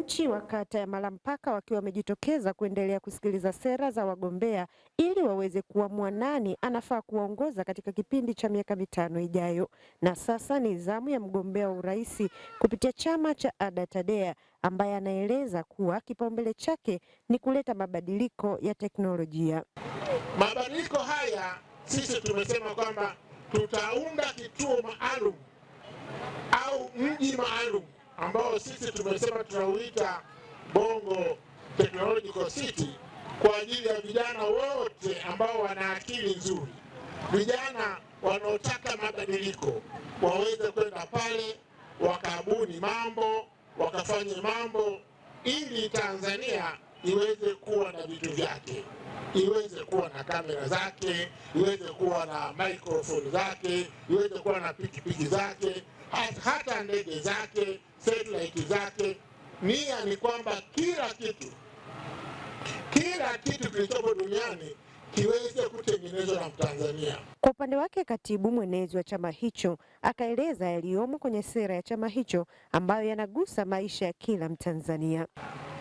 Wananchi wa kata ya Malampaka wakiwa wamejitokeza kuendelea kusikiliza sera za wagombea ili waweze kuamua nani anafaa kuwaongoza katika kipindi cha miaka mitano ijayo. Na sasa ni zamu ya mgombea wa urais kupitia chama cha ADA TADEA ambaye anaeleza kuwa kipaumbele chake ni kuleta mabadiliko ya teknolojia. Mabadiliko haya sisi tumesema kwamba tutaunda kituo maalum au mji maalum ambao sisi tumesema tunauita Bongo Technological City kwa ajili ya vijana wote ambao wana akili nzuri, vijana wanaotaka mabadiliko waweze kwenda pale wakabuni mambo wakafanye mambo, ili Tanzania iweze kuwa na vitu vyake, iweze kuwa na kamera zake, iweze kuwa na microphone zake, iweze kuwa na pikipiki zake hata ndege zake, satellite zake. Nia ni kwamba kila kitu kila kitu kilichopo duniani kiweze kutengenezwa na Mtanzania. Kwa upande wake, katibu mwenezi wa chama hicho akaeleza yaliyomo kwenye sera ya chama hicho ambayo yanagusa maisha ya kila Mtanzania.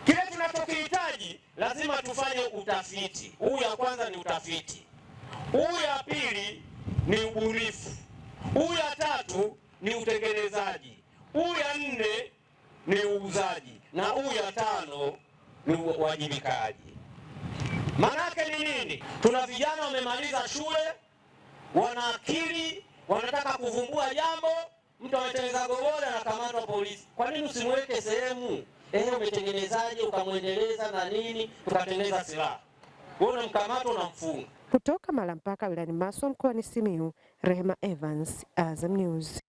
Kile tunachokihitaji lazima tufanye utafiti. Huu ya kwanza ni utafiti, huu ya pili ni ubunifu, huu ya tatu ni utengenezaji, huu ya nne ni uuzaji, na huu ya tano ni uwajibikaji. Maanake ni nini? Tuna vijana wamemaliza shule, wana akili, wanataka kuvumbua jambo. Mtu ametengeneza gogole anakamatwa polisi. Kwa nini usimweke sehemu? Ehe, umetengenezaje ukamwendeleza na nini, tukatengeneza silaha, wewe unamkamata unamfunga. Kutoka Malampaka wilayani Maswa mkoani Simiyu, Rehema Evans, Azam News.